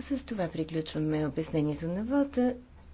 С това приключваме обяснението на вода.